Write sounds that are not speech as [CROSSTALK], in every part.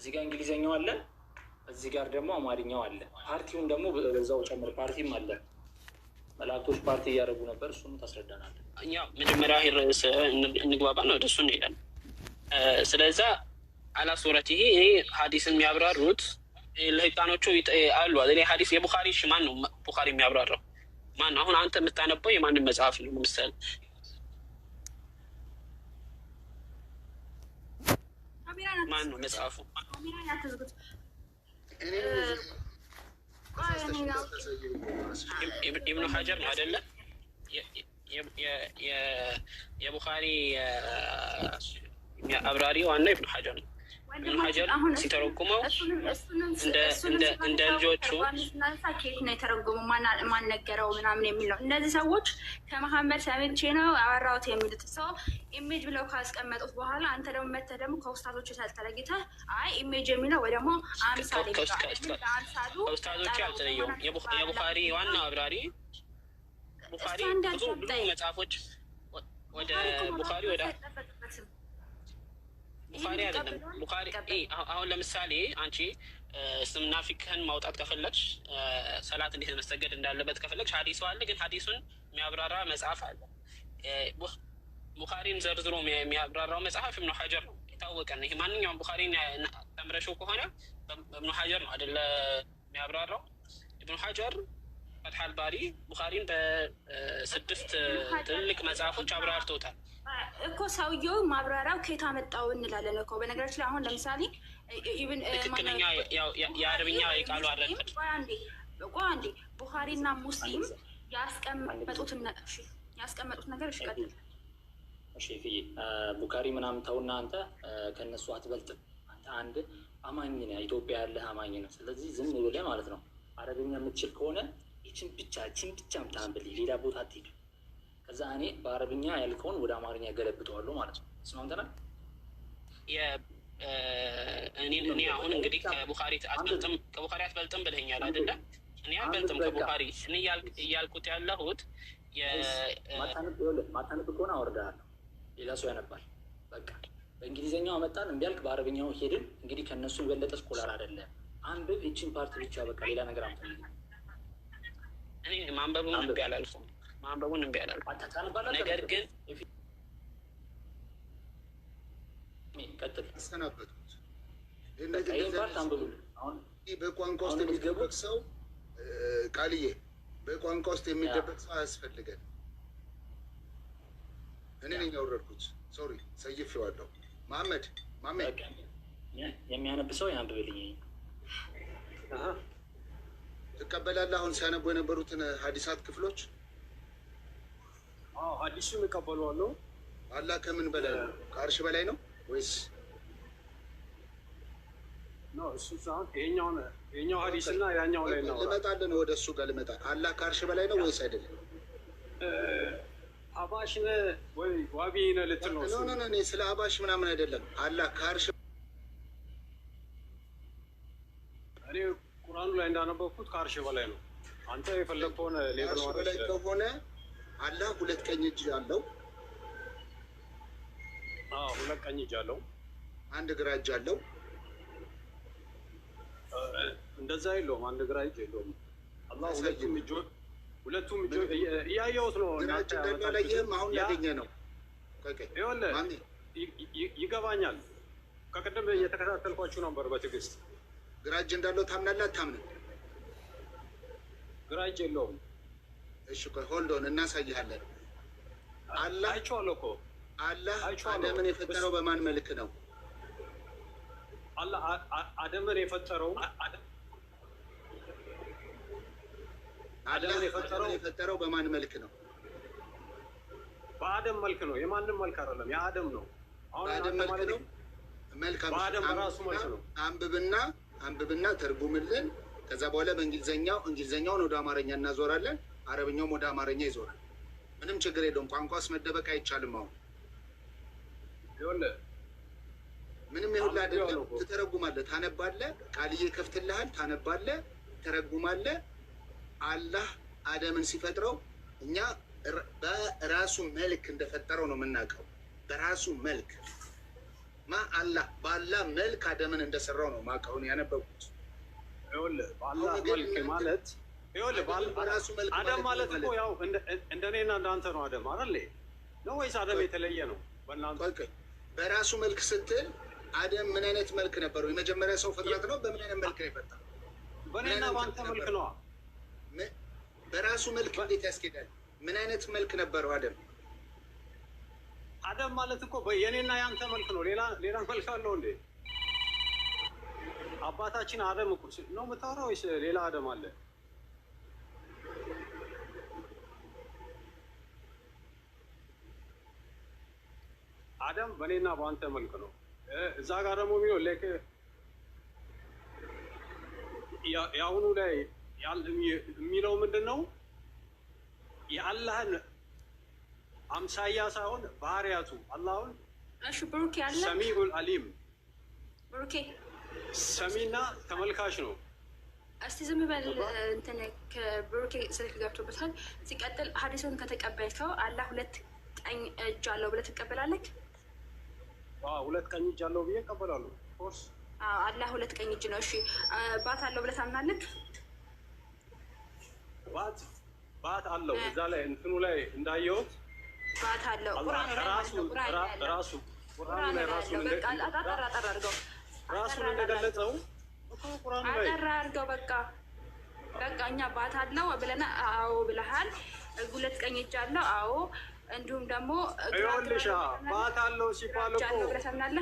እዚህ ጋር እንግሊዝኛው አለ፣ እዚህ ጋር ደግሞ አማርኛው አለ። ፓርቲውን ደግሞ በዛው ጨምር፣ ፓርቲም አለ። መላእክቶች ፓርቲ እያደረጉ ነበር። እሱም ታስረዳናለ። እኛ መጀመሪያ ርዕስ እንግባባ ነው፣ ወደሱ እንሄዳለን። ስለዛ አላ ሱረት ይሄ ይሄ ሀዲስን የሚያብራሩት ለህቃኖቹ አሉ። ሀዲስ የቡኻሪ ማን ነው ቡኻሪ የሚያብራራው ማን? አሁን አንተ የምታነበው የማንም መጽሐፍ ነው ምሳሌ ማን ነው መጽሐፉ? ኢብኑ ሀጀር ነው አይደለ? የቡኻሪ አብራሪ ዋናው ኢብኑ ሀጀር ነው። ሀጀር ሲተረጉመው እንደ ልጆቹ ከየት ነው የተረጎመው ማን ነገረው ምናምን የሚል ነው። እነዚህ ሰዎች ከመሀመድ ሰምቼ ነው ያወራሁት የሚሉት ሰው ኢሜጅ ብለው ካስቀመጡት በኋላ አንተ ደግሞ መተህ ደግሞ ከውስታቶች ተለይተህ አይ ኢሜጅ የሚለው ወይ ደግሞ አምሳሌ ከውስታቶች አልተለየውም። የቡኻሪ ዋና አብራሪ ቡኻሪ ብዙ መጽሐፎች ወደ ቡኻሪ ወደ ቡኻሪ አይደለም ቡኻሪ። አሁን ለምሳሌ አንቺ እስልምና ፊክህን ማውጣት ከፈለግሽ ሰላት እንዴት መሰገድ እንዳለበት ከፈለግሽ ሀዲሱ አለ። ግን ሀዲሱን የሚያብራራ መጽሐፍ አለ። ቡኻሪን ዘርዝሮ የሚያብራራው መጽሐፍ ኢብኑ ሀጀር ነው፣ የታወቀ ነው። ይሄ ማንኛውም ቡኻሪን ተምረሽው ከሆነ በኢብኑ ሀጀር ነው አይደለ የሚያብራራው። ኢብኑ ሀጀር ፈትሐል ባሪ ቡኻሪን በስድስት ትልቅ መጽሐፎች አብራርተውታል። እኮ ሰውየው ማብራሪያው ከየት አመጣው እንላለን እኮ። በነገራችን ላይ አሁን ለምሳሌ ትክክለኛ የአረብኛ የቃሉ አንዴ ቡኻሪና ሙስሊም ያስቀመጡት ነገር ይሽቀጥል ሼፊ ቡካሪ ምናምን ተውና፣ አንተ ከእነሱ አትበልጥም። አንተ አንድ አማኝ ነህ፣ ኢትዮጵያ ያለህ አማኝ ነው። ስለዚህ ዝም ብለህ ማለት ነው አረብኛ የምትችል ከሆነ ይችን ብቻ ይችን ብቻ ምታንብል ሌላ ቦታ አትሄድ ከዛ እኔ በአረብኛ ያልከውን ወደ አማርኛ ገለብጠዋለሁ ማለት ነው። ስማምተናል። እኔ አሁን እንግዲህ ከቡኻሪ አትበልጥም ከቡኻሪ አትበልጥም ብለኛል አደለ? እኔ አልበልጥም ከቡኻሪ እኔ እያልኩት ያለሁት ማታነብ ከሆነ አወርዳለሁ። ሌላ ሰው ያነባል። በቃ በእንግሊዝኛው አመጣን እምቢ በአረብኛው ሄድን። እንግዲህ ከእነሱ የበለጠ ስኮላር አይደለም። አንብብ፣ ይችን ፓርት ብቻ በቃ ሌላ ነገር አምፈልግ። እኔ ማንበብ እምቢ አላልኩም። ማንበቡን እምቢ አላልኩም። ነገር ግን አሰናበቱት። በቋንቋ ውስጥ የሚደበቅ ሰው ቃልዬ፣ በቋንቋ ውስጥ የሚደበቅ ሰው አያስፈልገን። እኔ ነኝ ያወረድኩት። ሶሪ ሰይፌዋለሁ። መሐመድ የሚያነብ ሰው ያንብብልኝ። ትቀበላለህ? አሁን ሲያነቡ የነበሩትን ሀዲሳት ክፍሎች አዲሱ የሚቀበሉ አሉ። አላህ ከምን በላይ ነው? ከአርሽ በላይ ነው ወይስ ይኸኛው ሀዲስ እና ያኛው ላይ ነው? ልመጣለን፣ ወደ እሱ ጋር ልመጣ። አላህ ከአርሽ በላይ ነው ወይስ አይደለም? አባሽ ነህ ወይ ዋቢ ነህ ልትል ነው? እኔ ስለ አባሽ ምናምን አይደለም። አላህ ከአርሽ እኔ ቁርአኑ ላይ እንዳነበብኩት ከአርሽ በላይ ነው። አንተ የፈለግከውን ሌላ ከሆነ አላህ ሁለት ቀኝ እጅ አለው። አዎ ሁለት ቀኝ እጅ አለው። አንድ ግራ እጅ አለው። እንደዛ የለውም። አንድ ግራ እጅ የለውም። አላህ ሁለቱም እጆች ሁለቱም እጆች እያየሁት ነው። ግራ እጅ እንደሚያለየህም አሁን ያገኘ ነው። ይገባኛል። ከቅድም እየተከታተልኳችሁ ነበር በትዕግስት። ግራ እጅ እንዳለው ታምናለህ አታምንም? ግራ እጅ የለውም እሺ ቆይ ሆልድ ኦን እናሳይሃለን። አላህ አይቼዋለሁ እኮ አላህ አደምን የፈጠረው በማን መልክ ነው? አላህ አደምን የፈጠረው አደምን የፈጠረው በማን መልክ ነው? በአደም መልክ ነው። የማንም መልክ አይደለም፣ የአደም ነው። በአደም መልክ ነው። መልካም አንብብና አንብብና ተርጉምልን። ከዛ በኋላ በእንግሊዘኛው እንግሊዝኛውን ወደ አማርኛ እናዞራለን። አረብኛውም ወደ አማርኛ ይዞራል። ምንም ችግር የለውም። ቋንቋስ መደበቅ አይቻልም። አሁን ምንም ይሁላ አይደለም። ትተረጉማለህ፣ ታነባለህ። ቃልዬ ከፍትልሃል፣ ታነባለህ፣ ትተረጉማለህ። አላህ አደምን ሲፈጥረው እኛ በራሱ መልክ እንደፈጠረው ነው የምናውቀው። በራሱ መልክ ማ አላህ በአላህ መልክ አደምን እንደሰራው ነው ማውቀውን ያነበብኩት። በአላህ መልክ ማለት አደም ማለት እኮ ያው እንደኔና እንዳንተ ነው። አደም አለ ነው ወይስ አደም የተለየ ነው? በራሱ መልክ ስትል አደም ምን አይነት መልክ ነበረው? የመጀመሪያ ሰው ፍጥረት ነው። በምን አይነት መልክ ነው የፈጠረው? በእኔና በአንተ መልክ ነዋ። በራሱ መልክ እንዴት ያስኬዳል? ምን አይነት መልክ ነበረው አደም? አደም ማለት እኮ የእኔና የአንተ መልክ ነው። ሌላ ሌላ መልክ አለው እንዴ? አባታችን አደም እኮ ነው የምታወራው ወይስ ሌላ አደም አለ? አደም በእኔና በአንተ መልክ ነው። እዛ ጋር ደግሞ የሚሆን ላይክ የአሁኑ ላይ የሚለው ምንድን ነው? የአላህን አምሳያ ሳይሆን ባህሪያቱ አላሁን ሰሚዑል አሊም ሰሚና ተመልካች ነው። እስቲ ዝም በል እንትን ከብሩኬ ስልክ ገብቶበታል። ሲቀጥል ሀዲሱን ከተቀበልከው አላህ ሁለት ቀኝ እጅ አለው ብለህ ትቀበላለህ? ሁለት ቀኝ እጅ አለው ብዬ እቀበላለሁ። አላህ ሁለት ቀኝ እጅ ነው። እሺ ባት አለው ብለህ ታምናለህ? ባት ባት አለው እዛ ላይ እንትኑ ላይ እንዳየሁት ባት አለው ቁርአኑ ላይ ራሱ ቁርአኑ ላይ ራሱ ራሱን እንደገለጸው አጠራ አድርገው በቃ በቃ እኛ ባት አለው ብለና አዎ ብለሃል። ሁለት ቀኝ እጅ አለው አዎ እንዲሁም ደግሞ ይኸውልሽ ባት አለው ሲባል እኮ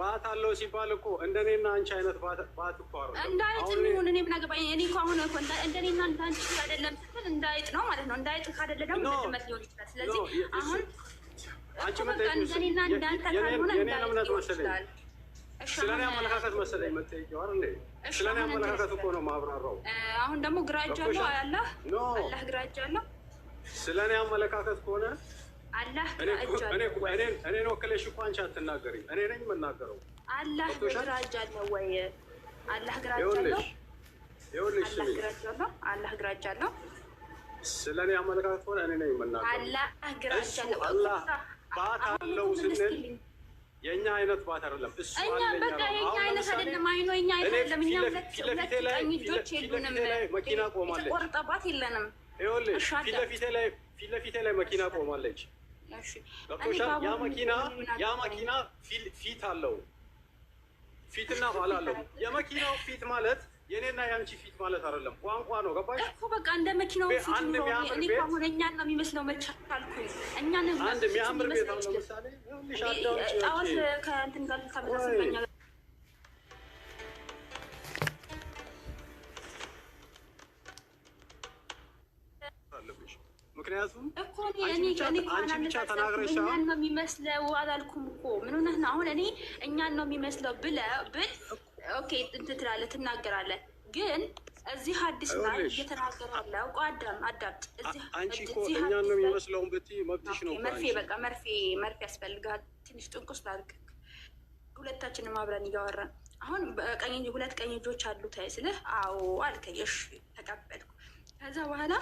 ባት አለው ሲባል እኮ እንደኔና አንቺ አይነት ባት እኮ አሉ እንዳይጥ የሚሆን እኔ ምን አገባኝ። እኔ እኮ አሁን እኮ እንደኔና አንቺ አይደለም ስትል እንዳይጥ ነው ማለት ነው። እንዳይጥ ካደለ ደግሞ ድመት ሊሆን ይችላል። ስለዚህ አሁን አንቺ እንደኔና እንዳንተ ካልሆነ እንዳይጥ ሊሆን ይችላል። ስለኔ አመለካከት መሰለኝ መጠየቂው አይደል? ስለኔ አመለካከት እኮ ነው ማብራራው። አሁን ደግሞ ግራ እጅ አላህ አላህ ግራ እጅ ስለኔ አመለካከት ከሆነ አላህ እኔን ወክለሽ እኮ አንቺ አትናገሪም። እኔ ነኝ የምናገረው። አላህ ግራ እጅ አለው ወይ? አላህ ግራ እጅ አለው። አላህ ግራ እጅ አለው። ስለ እኔ አመለካከት ሆነ እኔ ነኝ የምናገረው። ባት አለው ስንል የእኛ አይነት ባት አይደለም። እሱ በቃ የኛ አይነት አይደለም። አይኖ የኛ አይነት አይደለም። እኛ ሁለት ቀኝ እጆች የሉንም። መኪና ቆማለች። የተቆረጠ ባት የለንም። ይኸውልሽ ፊት ለፊቴ ላይ መኪና ቆማለች። ያ መኪና ያ መኪና ፊት አለው፣ ፊትና ኋላ አለው። የመኪናው ፊት ማለት የኔና የአንቺ ፊት ማለት አይደለም፣ ቋንቋ ነው። ገባሽ እኮ በቃ እንደ መኪናው ፊት ነው። እኔ ከሆነ እኛን ነው የሚመስለው። መቻ አልኩኝ እኛን ነው ለምሳሌ ጣዋት ከእንትን ጋር ታበዛስበኛል ምክንያቱም እኮ አንቺ ብቻ ተናግረሻ እኛን ነው የሚመስለው አላልኩም እኮ ምን ሆነህ ነው አሁን? እኔ እኛን ነው የሚመስለው ብለህ ብል ኦኬ እንትን ትላለህ ትናገራለህ። ግን እዚህ አዲስ ላይ እየተናገረ ያለ እኮ አዳም አዳምጥ። አንቺ እኮ እኛን ነው የሚመስለውን ብትይ መብትሽ ነው። መርፌ በቃ መርፌ መርፌ ያስፈልጋል። ትንሽ ጥንቁስ ላድርግ። ሁለታችንም አብረን እያወራን አሁን ቀኝ ሁለት ቀኝ እጆች አሉ ስልህ አዎ አልከኝ። እሺ ተቀበልኩ። ከዛ በኋላ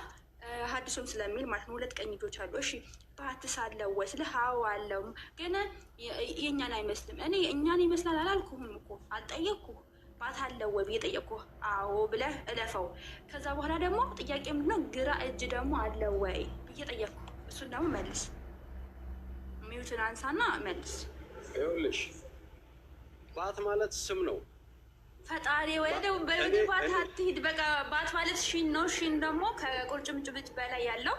ሀዲሱም ስለሚል ማለት ነው። ሁለት ቀኝ እጆች አሉ። እሺ ባትስ አለው ወይ ስለ ሀው አለው ግን የእኛን አይመስልም። እኔ እኛን ይመስላል አላልኩም እኮ አልጠየቅኩ። ባት አለው ወይ ብዬ ጠየቅኩህ። አዎ ብለህ እለፈው። ከዛ በኋላ ደግሞ ጥያቄ ምንድነው? ግራ እጅ ደግሞ አለው ወይ ብዬ ጠየቅኩህ። እሱን ደግሞ መልስ። ሚዩትን አንሳና መልስ። ይኸውልሽ ባት ማለት ስም ነው ፈጣሪ ወይ ደግሞ በሉኒ ባት አትሂድ። በቃ ባት ማለት ሺን ነው። ሺን ደግሞ ከቁርጭምጭምጭ በላይ ያለው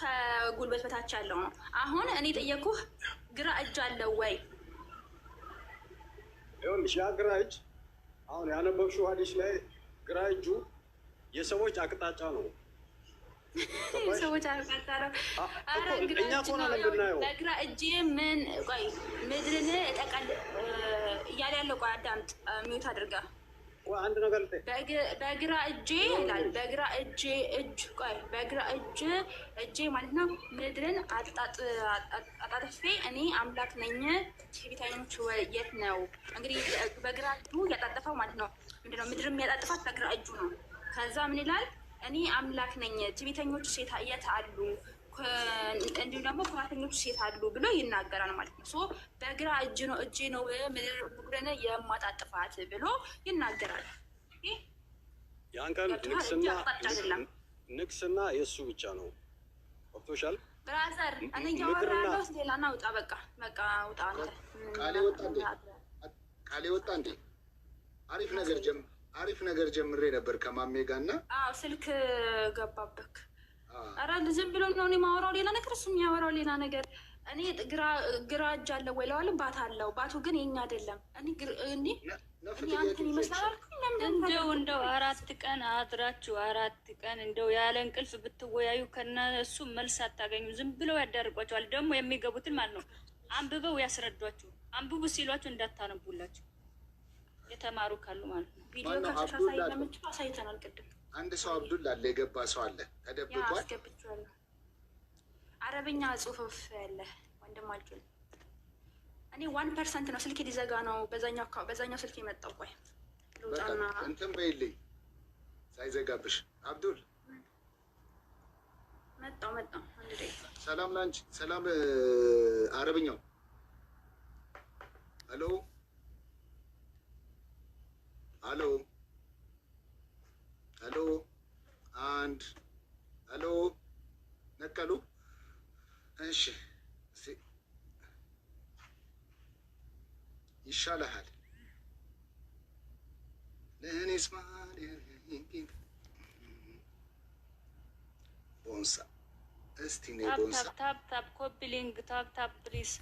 ከጉልበት በታች ያለው ነው። አሁን እኔ ጠየኩህ፣ ግራ እጅ አለው ወይ? ይኸውልሽ ያ ግራ እጅ አሁን ያነበብሽው ሀዲስ ላይ ግራ እጁ የሰዎች አቅጣጫ ነው። [LAUGHS] ሰዎች አቅጣጫ ነው። ኧረ ግራ እጅ ነው። ለግራ እጄ ምን ቆይ ምድርን እጠቀል እያለ ያለው ቆይ፣ አዳምጥ ሚዩት አድርጋ በግራ እጄ ይላል። በግራ እጄ እጅ ቆይ በግራ እጄ እጄ ማለት ነው ምድርን አጣጥፌ እኔ አምላክ ነኝ። ቲቪታይኖች የት ነው እንግዲህ በግራ እጁ ያጣጠፈው ማለት ነው። ምንድነው ምድር የሚያጣጥፋት በግራ እጁ ነው። ከዛ ምን ይላል? እኔ አምላክ ነኝ፣ ትዕቢተኞች የት አሉ? እንዲሁም ደግሞ ኩራተኞች ሴት አሉ ብሎ ይናገራል ማለት ነው። ሶ በግራ እጅ ነው እጄ ነው ምድር ብጉረነ የማጣጥፋት ብሎ ይናገራል። ያን ቀን ንቅስና የእሱ ብቻ ነው። ወቅቶሻል ብራዘር፣ እኔ እያወራለሁ ሌላ ና ውጣ። በቃ በቃ ውጣ። ቃሌ ወጣ እንዴ? አሪፍ ነገር ጀምሬ ነበር ከማሜ ጋር እና ስልክ ገባበክ ኧረ ዝም ብሎ ነው እኔ ማወራው ሌላ ነገር፣ እሱ የሚያወራው ሌላ ነገር። እኔ ግራ ግራ እጅ አለው ወይ ለዋልም ባት አለው ባቱ ግን የኛ አይደለም። እኔ አንተን ይመስላል እንደው እንደው አራት ቀን አድራችሁ አራት ቀን እንደው ያለ እንቅልፍ ብትወያዩ ከነሱ መልስ አታገኙ። ዝም ብለው ያዳርቋቸዋል። ደግሞ የሚገቡትን ማለት ነው አንብበው ያስረዷችሁ። አንብቡ ሲሏችሁ እንዳታነቡላችሁ የተማሩ ካሉ ማለት ነው። ቪዲዮ ከፍተሽ አሳይ ለምንችል አሳይተናል ቅድም አንድ ሰው አብዱል አለ የገባ ሰው አለ ተደብቋል። አረብኛ ጽሁፍ ያለ ወንድም አልጁል እኔ ዋን ፐርሰንት ነው ስልክ ሊዘጋ ነው። በዛኛው በዛኛው ስልክ የመጣው ቆይ ልውጣና እንትን በይልኝ ሳይዘጋብሽ። አብዱል መጣው መጣው። ሰላም ላንቺ ሰላም። አረብኛው ሄሎ ሄሎ ሄሎ አንድ ሄሎ ነቀሉ። እሺ ይሻልሃል። ለእኔስማ ቦንሳ እስቲ ነይ ቦንሳ ታፕ ታፕ ኮፒ ሊንክ ታፕ ታፕ ፕሊዝ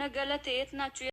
ነገ የት ናችሁ?